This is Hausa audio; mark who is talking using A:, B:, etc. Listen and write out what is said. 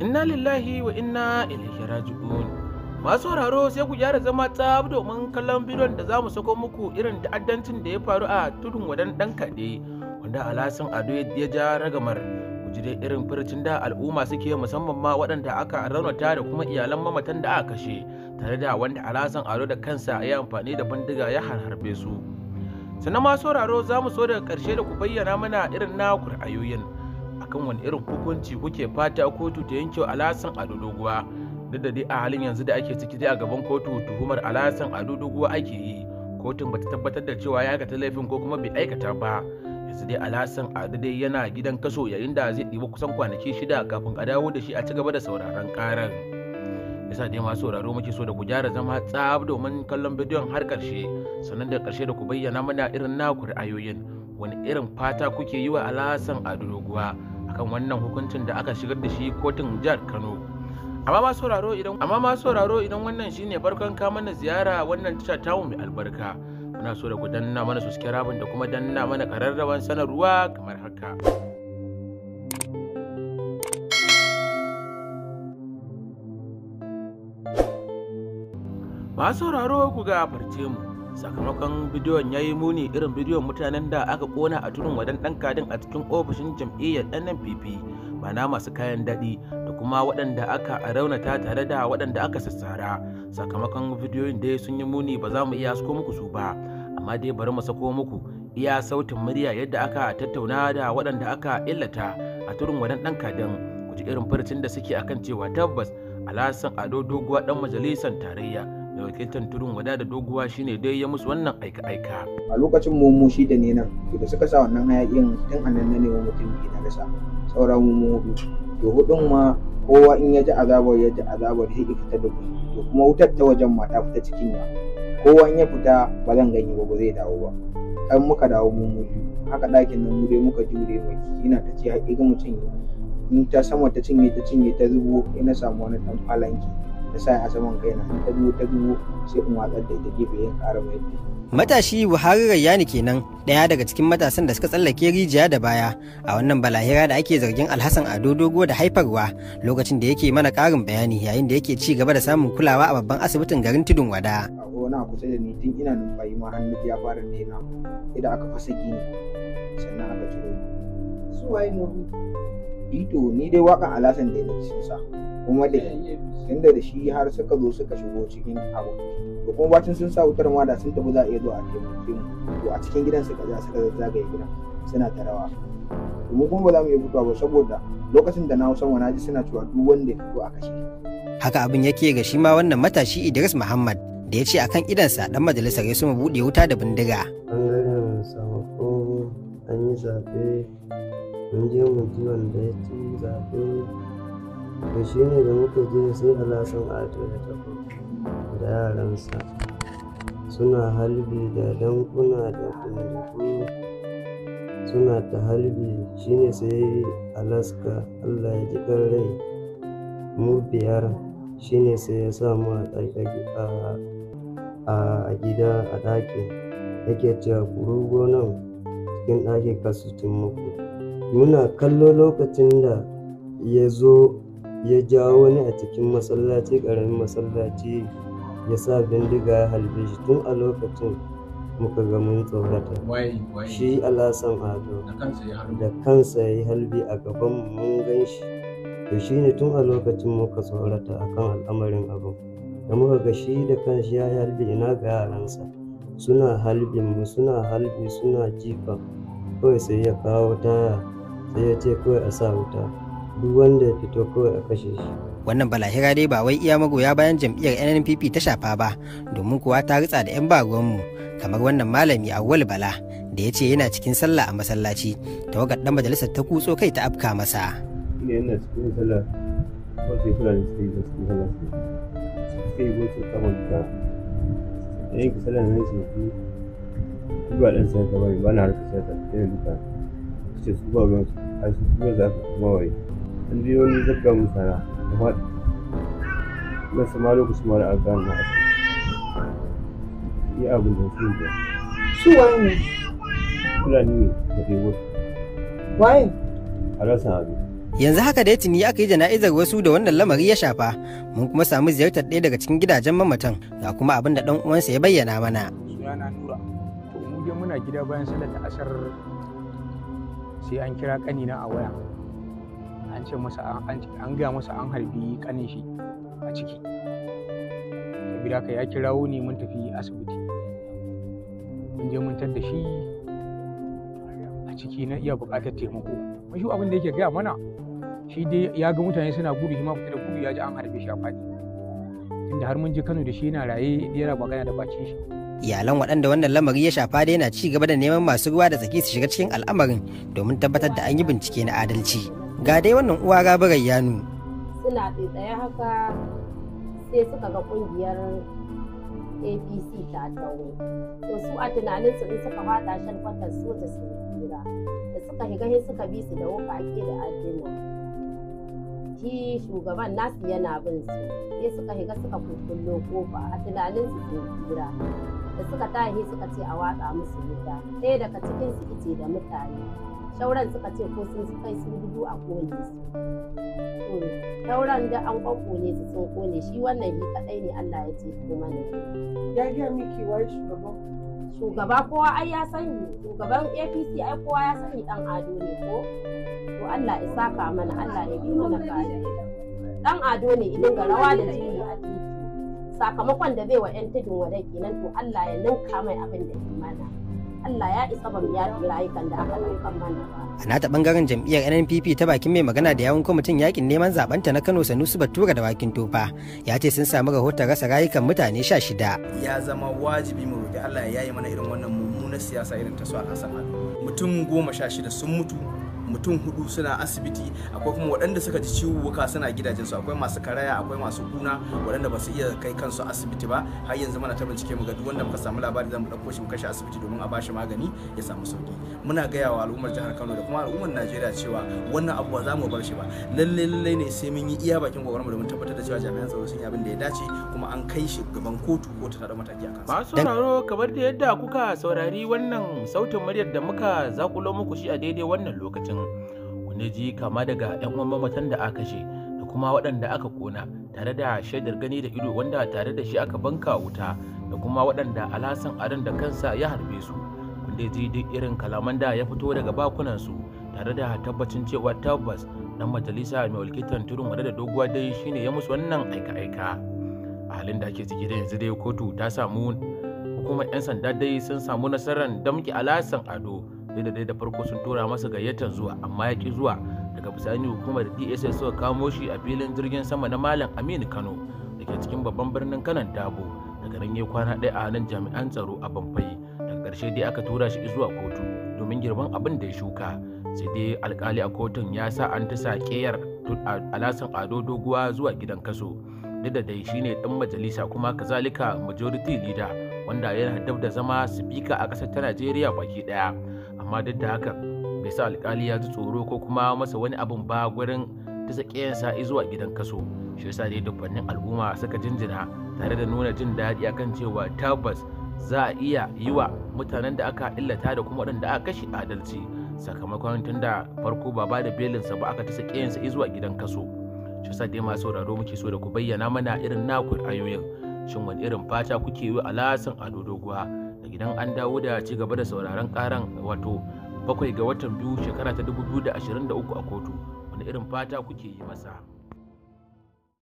A: inna lillahi wa inna ilaihi raji'un masu sauraro sai ku gyara zama tsab domin kallon bidiyon da zamu sako muku irin ta'addancin da ya faru a tudun wadan dan kaɗe wanda alasin ado ya ja ragamar Kuje irin furcin da al'umma suke musamman ma waɗanda aka raunata da kuma iyalan mamatan da aka kashe tare da wanda alasan ado da kansa ya amfani da bindiga ya harharbe su sannan masu sauraro za mu so daga ƙarshe da ku bayyana mana irin na kur'ayoyin akan wani irin hukunci kuke fata kotu ta yanke alasan a doguwa duk da dai a halin yanzu da ake ciki dai a gaban kotu tuhumar alasan a ake yi kotun bata tabbatar da cewa ya aikata laifin ko kuma bai aikata ba yanzu dai alasan adu dai yana gidan kaso yayin da zai ɗiba kusan kwanaki shida kafin a dawo da shi a ci gaba da sauraron karar yasa dai masu sauraro muke so da ku gyara zama tsab domin kallon bidiyon har ƙarshe sannan da ƙarshe da ku bayyana mana irin naku ra'ayoyin wani irin fata kuke yi wa alasan adu doguwa akan wannan hukuncin da aka shigar da shi kotun jihar Kano. Amma ma sauraro idan amma ma sauraro idan wannan shine farkon ka mana ziyara wannan tasha tawo mai albarka. Muna so da ku danna mana rabin da kuma danna mana kararrawan sanarwa kamar haka. Masu sauraro ku ga farce mu. sakamakon bidiyon ya yi muni irin bidiyon mutanen da aka kona a turin wadan dan kadin a cikin ofishin jam'iyyar nnpp mana masu kayan daɗi da kuma waɗanda aka raunata tare da waɗanda aka sassara sakamakon bidiyon dai sun yi muni ba za mu iya sako muku su ba amma dai bari mu sako muku iya sautin murya yadda aka tattauna da waɗanda aka illata a turin wadan dan kadin ku ji irin furcin da suke akan cewa tabbas alasan ado doguwa dan majalisar tarayya da wakiltar turin wada da doguwa shine dai ya musu wannan aika-aika.
B: A lokacin mu shi da nena, nan, da suka sa wannan hayakin tun a nan ne wa mutum ke na rasa sauran mu hudu. To hudun ma kowa in ya ji azabar ya ji azabar sai fita da ku. To kuma wutar ta wajen mata fita cikin ya. Kowa in ya fita ba zan ganye ba ba zai dawo ba. Kan muka dawo mu mu haka ɗakin nan mu dai muka jure mai ina ta ce haƙiƙin mutum in ta sama ta cinye ta cinye ta zubo ina samu wani ɗan falanki. da sa a saman kaina ta biyu ta biyu sai in watsar da ita gefe yin ƙara mai
C: matashi buhari rayyani kenan ɗaya daga cikin matasan da suka tsallake rijiya da baya a wannan balahira da ake zargin alhassan ado dogo da haifarwa lokacin da yake mana ƙarin bayani yayin da yake ci gaba da samun kulawa a babban asibitin garin tudun wada
B: na kusa da ni tun ina numfayi ma hannu ya fara daina idan aka fasa gini sannan aka ciro su waye ito ni dai wakan alasan da ya cikin sa kuma da inda da shi har suka zo suka shigo cikin abu to kuma bacin sun sa wutar ma da sun tafi za a iya zo a cikin to a cikin gidan suka za suka zagaye gidan suna tarawa to mu kuma ba za mu iya fitowa ba saboda lokacin da na hausa na ji suna cewa duk wanda ya fito a kashe
C: haka abin yake ga shi ma wannan matashi Idris Muhammad da ya ce akan idansa dan majalisar ya suma buɗe wuta da bindiga
D: an yi zaɓe mun je mu ji wanda ya ci zaɓe da shi ne da muka je sai alasan ato ya tafi da yaransa suna halbi da dankuna da kunduku suna ta halbi ne sai alaska allah ya ji rai mu biyar ne sai ya mu a gida a ɗakin yake cewa ku rugo nan cikin ɗakin kasu tun muku muna kallo lokacin da ya zo ya ja wani a cikin masallaci ƙaramin masallaci ya sa bindiga ya halbe shi tun a lokacin muka ga mun tsorata shi alasan ado da kansa ya yi halbe a gaban mun gan shi to shi ne tun a lokacin muka tsorata akan al'amarin abu da muka ga shi da kansa ya yi halbe ina ga yaransa suna halbe mu suna halbi suna jifa
C: kawai sai ya kawo taya sai ya ce kawai a sa wuta duk wanda ya fito kawai a kashe shi wannan balahira dai ba wai iya magoya bayan jam'iyyar nnpp ta shafa ba domin kuwa ta ritsa da 'yan bagonmu kamar wannan malami awwal bala da ya ce yana cikin sallah a masallaci tawagar dan majalisar ta kutso kai ta afka masa
D: yana cikin sallah wasu kula da suke da suke sallah suke yi wasu kamar da yanki sallah na yanki duba ɗan sayar da bari ba na harkar sayar da duka ce su ba ruwansu a su kuma za su kuma waye an biyo wani zabga mun sana da faɗi na sama lokacin mara a gane na asibiti yi abin da su ne su waye ne fulani ne da wasu waye a rasa abu
C: yanzu haka dai tuni aka yi jana'izar wasu da wannan lamari ya shafa mun kuma samu ziyartar ɗaya daga cikin gidajen mamatan ga kuma abin da ɗan uwansa ya bayyana mana
B: nura to mu muna gida bayan sallar sai an kira kanina a waya an ce masa an gaya masa an harbi kanin shi a ciki sabida ka ya kirawo ne mun tafi asibiti mun je mun da shi a ciki na iya buƙatar taimako mashi abin da yake gaya mana shi dai ya ga mutane suna gudu shi ma fita da gudu ya ji an harbe shi a fadi
C: tunda har mun ji Kano da shi yana raye yana
B: magana da bakin shi
C: iyalan waɗanda wannan lamari ya shafa dai na ci gaba da neman masu ruwa da tsaki su shiga cikin al'amarin domin tabbatar da an yi bincike na adalci ga dai wannan uwa rabirar yanu
E: suna tsaye haka sai suka ga kungiyar apc ta tawo to su a tunanin su suka fada shalfatar soja su tura da suka shiga sai suka bi su da wukake da addinin shi shugaban nasu yana bin su sai suka shiga suka kullo kofa a tunanin su sun da suka tahi suka ce a watsa musu wuta ɗaya daga cikin su ice da mutane shauran suka ce ko sun kai su dubu a kone su hmm. shauran da an kwakkone su sun kone shi wannan yi kadai ne Allah ya ce ko mana ya ga miki wai shugaban shugaba kowa ai ya sani shugaban APC ai kowa ya sani dan ado ne ko to Allah ya saka mana Allah ya bi mana kare dan ado ne idan ga rawa da jini a titi sakamakon da zai wa 'yan tudun wadai kenan to Allah ya ninka mai abin da mana, Allah ya isa ban ya rayukan da aka ɗaukan mana
C: ba. A nata ɓangaren jam'iyyar NNPP ta bakin mai magana da yawun kwamitin yakin neman zaɓenta na Kano Sanusi Batura da Wakin Tofa ya ce sun samu rahoton rasa rayukan mutane sha shida.
B: Ya zama wajibi mu roƙi Allah ya yi mana irin wannan mummunar siyasa irin ta su a ƙasar Mutum goma sha shida sun mutu mutum hudu suna asibiti akwai kuma waɗanda suka ji ciwuka suna su akwai masu karaya akwai masu kuna waɗanda ba su iya kai kansu asibiti ba har yanzu mana ta bincike mu ga duk wanda muka samu labari zamu ɗauko shi mu kashe asibiti domin a bashi magani ya samu sauki muna gaya wa al'ummar jihar Kano da kuma al'ummar Najeriya cewa wannan abu ba za mu bar shi ba lalle lalle ne sai mun yi iya bakin gwagwarmu domin tabbatar da cewa jami'an tsaro sun yi abin da ya dace kuma an kai shi gaban kotu ko ta da mataki a
A: Masu sauraro kamar da yadda kuka saurari wannan sautin muryar da muka zakulo muku shi a daidai wannan lokacin na ji kama daga 'yan uwan mamatan da aka kashe da kuma waɗanda aka kona tare da shaidar gani da ido wanda tare da shi aka banka wuta da kuma waɗanda alhassan adon da kansa ya harbe su kun ji duk irin kalaman da ya fito daga bakunansu tare da tabbacin cewa tabbas dan majalisa mai walkitan turin wadda da doguwa dai shine ya musu wannan aika-aika a halin da ake ciki da yanzu dai kotu ta samu hukumar 'yan sanda dai sun samu nasarar damki alasan ado duk da dai da farko sun tura masa gayyatar zuwa amma ya ki zuwa daga bisani hukumar dss suka kamo shi a filin jirgin sama na malam aminu kano da ke cikin babban birnin kanan dabo daga nan ya kwana ɗaya a hannun jami'an tsaro a bamfai daga ƙarshe dai aka tura shi zuwa kotu domin girman abin da ya shuka sai dai alkali a kotun ya sa an ta sa ƙeyar alasan ado doguwa zuwa gidan kaso duk da dai shine dan majalisa kuma kazalika majority leader wanda yana dab da zama sifika a ƙasar ta najeriya baki ɗaya amma duk da haka bai sa alkali ya ji tsoro ko kuma masa wani abin ba gurin ta sakiyansa zuwa gidan kaso shi yasa dai dubbannin al'umma suka jinjina tare da nuna jin daɗi akan cewa tabbas za a iya yi wa mutanen da aka illata da kuma waɗanda aka kashe adalci sakamakon tun da farko ba ba da belinsa ba aka ta sakiyansa zuwa gidan kaso shi yasa dai masu sauraro muke so da ku bayyana mana irin naku ra'ayoyin shin wani irin fata kuke yi alasan ado doguwa idan an dawo da ci gaba da sauraron karan wato bakwai ga watan biyu shekara ta 2023 a kotu wani irin fata kuke yi masa